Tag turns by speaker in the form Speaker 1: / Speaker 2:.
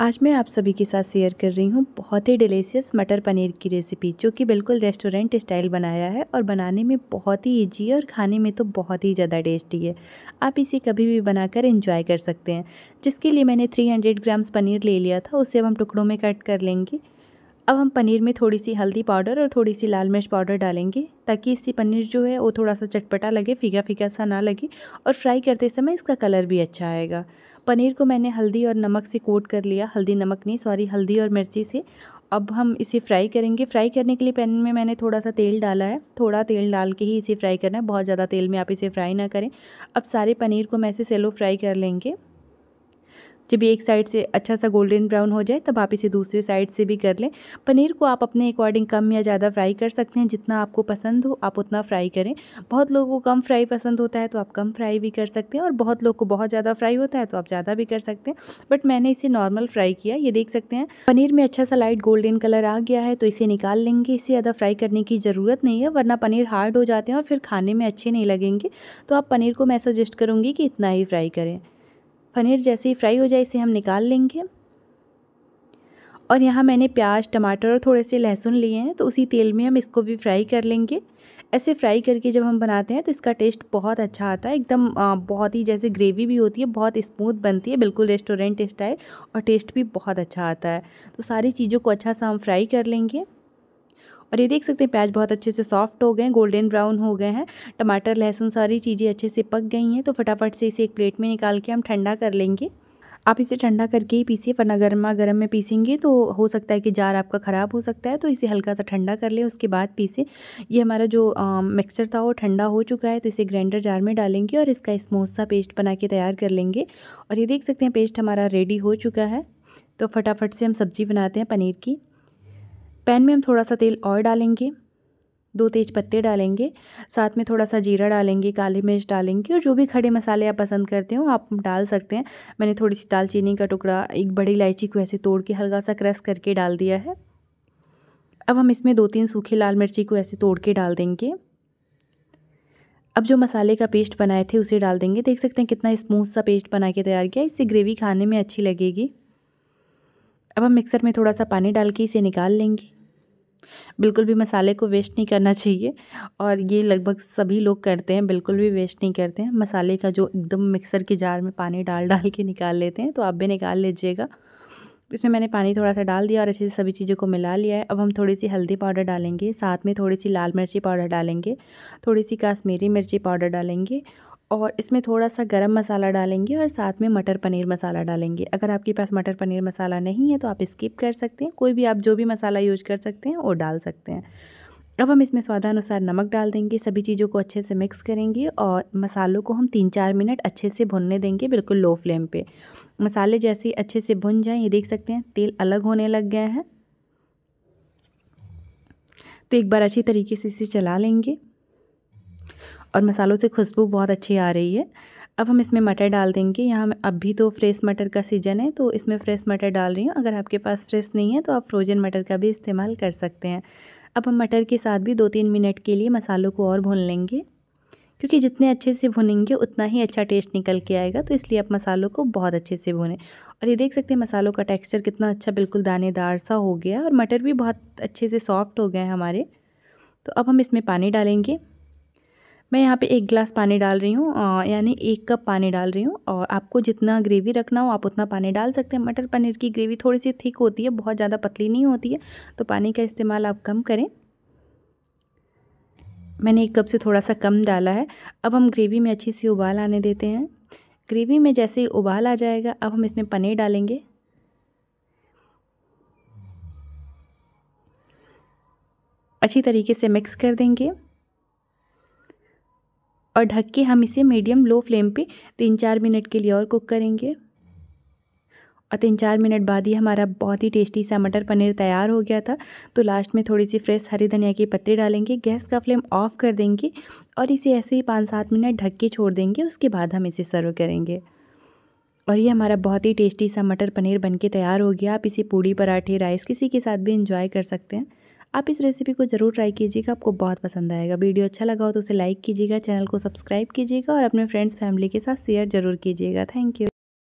Speaker 1: आज मैं आप सभी के साथ शेयर कर रही हूँ बहुत ही डिलीशियस मटर पनीर की रेसिपी जो कि बिल्कुल रेस्टोरेंट स्टाइल बनाया है और बनाने में बहुत ही ईजी है और खाने में तो बहुत ही ज़्यादा टेस्टी है आप इसे कभी भी बनाकर एंजॉय कर सकते हैं जिसके लिए मैंने 300 ग्राम्स पनीर ले लिया था उसे अब हम टुकड़ों में कट कर लेंगे अब हम पनीर में थोड़ी सी हल्दी पाउडर और थोड़ी सी लाल मिर्च पाउडर डालेंगे ताकि इससे पनीर जो है वो थोड़ा सा चटपटा लगे फीका फीका सा ना लगे और फ्राई करते समय इसका कलर भी अच्छा आएगा पनीर को मैंने हल्दी और नमक से कोट कर लिया हल्दी नमक नहीं सॉरी हल्दी और मिर्ची से अब हम इसे फ्राई करेंगे फ्राई करने के लिए पैन में मैंने थोड़ा सा तेल डाला है थोड़ा तेल डाल के ही इसे फ्राई करना है बहुत ज़्यादा तेल में आप इसे फ्राई ना करें अब सारे पनीर को मैं इसे सेलो फ्राई कर लेंगे जब एक साइड से अच्छा सा गोल्डन ब्राउन हो जाए तब आप इसे दूसरे साइड से भी कर लें पनीर को आप अपने अकॉर्डिंग कम या ज़्यादा फ्राई कर सकते हैं जितना आपको पसंद हो आप उतना फ्राई करें बहुत लोगों को कम फ्राई पसंद होता है तो आप कम फ्राई भी कर सकते हैं और बहुत लोग को बहुत ज़्यादा फ्राई होता है तो आप ज़्यादा भी कर सकते हैं बट मैंने इसे नॉर्मल फ्राई किया ये देख सकते हैं पनीर में अच्छा सा लाइट गोल्डन कलर आ गया है तो इसे निकाल लेंगे इसे ज़्यादा फ्राई करने की ज़रूरत नहीं है वरना पनीर हार्ड हो जाते हैं और फिर खाने में अच्छे नहीं लगेंगे तो आप पनीर को मैं सजेस्ट करूँगी कि इतना ही फ्राई करें पनीर जैसे ही फ्राई हो जाए इसे हम निकाल लेंगे और यहाँ मैंने प्याज टमाटर और थोड़े से लहसुन लिए हैं तो उसी तेल में हम इसको भी फ्राई कर लेंगे ऐसे फ्राई करके जब हम बनाते हैं तो इसका टेस्ट बहुत अच्छा आता है एकदम बहुत ही जैसे ग्रेवी भी होती है बहुत स्मूथ बनती है बिल्कुल रेस्टोरेंट स्टाइल और टेस्ट भी बहुत अच्छा आता है तो सारी चीज़ों को अच्छा सा हम फ्राई कर लेंगे और ये देख सकते हैं प्याज बहुत अच्छे से सॉफ्ट हो गए हैं गोल्डन ब्राउन हो गए हैं टमाटर लहसुन सारी चीज़ें अच्छे से पक गई हैं तो फटाफट से इसे एक प्लेट में निकाल के हम ठंडा कर लेंगे आप इसे ठंडा करके ही पीसिए वरना गर्मा गर्म में पीसेंगे तो हो सकता है कि जार आपका ख़राब हो सकता है तो इसे हल्का सा ठंडा कर लें उसके बाद पीसें ये हमारा जो मिक्सचर था वो ठंडा हो चुका है तो इसे ग्राइंडर जार में डालेंगे और इसका स्मूथ इस सा पेस्ट बना के तैयार कर लेंगे और ये देख सकते हैं पेस्ट हमारा रेडी हो चुका है तो फटाफट से हम सब्ज़ी बनाते हैं पनीर की पैन में हम थोड़ा सा तेल और डालेंगे दो तेज पत्ते डालेंगे साथ में थोड़ा सा जीरा डालेंगे काली मिर्च डालेंगे और जो भी खड़े मसाले आप पसंद करते हो आप डाल सकते हैं मैंने थोड़ी सी दालचीनी का टुकड़ा एक बड़ी इलायची को ऐसे तोड़ के हल्का सा क्रश करके डाल दिया है अब हम इसमें दो तीन सूखे लाल मिर्ची को ऐसे तोड़ के डाल देंगे अब जो मसाले का पेस्ट बनाए थे उसे डाल देंगे देख सकते हैं कितना स्मूथ सा पेस्ट बना के तैयार किया इससे ग्रेवी खाने में अच्छी लगेगी अब हम मिक्सर में थोड़ा सा पानी डाल के इसे निकाल लेंगे बिल्कुल भी मसाले को वेस्ट नहीं करना चाहिए और ये लगभग सभी लोग करते हैं बिल्कुल भी वेस्ट नहीं करते हैं मसाले का जो एकदम मिक्सर के जार में पानी डाल डाल के निकाल लेते हैं तो आप भी निकाल लीजिएगा इसमें मैंने पानी थोड़ा सा डाल दिया और ऐसे से सभी चीज़ों को मिला लिया है अब हम थोड़ी सी हल्दी पाउडर डालेंगे साथ में थोड़ी सी लाल मिर्ची पाउडर डालेंगे थोड़ी सी काश्मीरी मिर्ची पाउडर डालेंगे और इसमें थोड़ा सा गरम मसाला डालेंगे और साथ में मटर पनीर मसाला डालेंगे अगर आपके पास मटर पनीर मसाला नहीं है तो आप स्किप कर सकते हैं कोई भी आप जो भी मसाला यूज कर सकते हैं वो डाल सकते हैं अब हम इसमें स्वादानुसार नमक डाल देंगे सभी चीज़ों को अच्छे से मिक्स करेंगे और मसालों को हम तीन चार मिनट अच्छे से भुनने देंगे बिल्कुल लो फ्लेम पे मसाले जैसे अच्छे से भुन जाएं ये देख सकते हैं तेल अलग होने लग गया है तो एक बार अच्छी तरीके से इसे चला लेंगे और मसालों से खुशबू बहुत अच्छी आ रही है अब हम इसमें मटर डाल देंगे यहाँ अभी तो फ्रेश मटर का सीजन है तो इसमें फ्रेश मटर डाल रही हूँ अगर आपके पास फ्रेश नहीं है तो आप फ्रोज़न मटर का भी इस्तेमाल कर सकते हैं अब हम मटर के साथ भी दो तीन मिनट के लिए मसालों को और भून लेंगे क्योंकि जितने अच्छे से भुनेंगे उतना ही अच्छा टेस्ट निकल के आएगा तो इसलिए आप मसालों को बहुत अच्छे से भुनें और ये देख सकते हैं मसालों का टेक्सचर कितना अच्छा बिल्कुल दानेदार सा हो गया और मटर भी बहुत अच्छे से सॉफ्ट हो गए हैं हमारे तो अब हम इसमें पानी डालेंगे मैं यहाँ पे एक गिलास पानी डाल रही हूँ यानी एक कप पानी डाल रही हूँ और आपको जितना ग्रेवी रखना हो आप उतना पानी डाल सकते हैं मटर पनीर की ग्रेवी थोड़ी सी थिक होती है बहुत ज़्यादा पतली नहीं होती है तो पानी का इस्तेमाल आप कम करें मैंने एक कप से थोड़ा सा कम डाला है अब हम ग्रेवी में अच्छी सी उबाल आने देते हैं ग्रेवी में जैसे ही उबाल आ जाएगा अब हम इसमें पनीर डालेंगे अच्छी तरीके से मिक्स कर देंगे और ढक के हम इसे मीडियम लो फ्लेम पे तीन चार मिनट के लिए और कुक करेंगे और तीन चार मिनट बाद ही हमारा बहुत ही टेस्टी सा मटर पनीर तैयार हो गया था तो लास्ट में थोड़ी सी फ्रेश हरी धनिया के पत्ते डालेंगे गैस का फ्लेम ऑफ कर देंगे और इसे ऐसे ही पाँच सात मिनट ढक के छोड़ देंगे उसके बाद हम इसे सर्व करेंगे और ये हमारा बहुत ही टेस्टी सा मटर पनीर बनके तैयार हो गया आप इसे पूड़ी पराठे राइस किसी के साथ भी इंजॉय कर सकते हैं आप इस रेसिपी को ज़रूर ट्राई कीजिएगा आपको बहुत पसंद आएगा वीडियो अच्छा लगा हो तो उसे लाइक कीजिएगा चैनल को सब्सक्राइब कीजिएगा और अपने फ्रेंड्स फैमिली के साथ शेयर जरूर कीजिएगा थैंक यू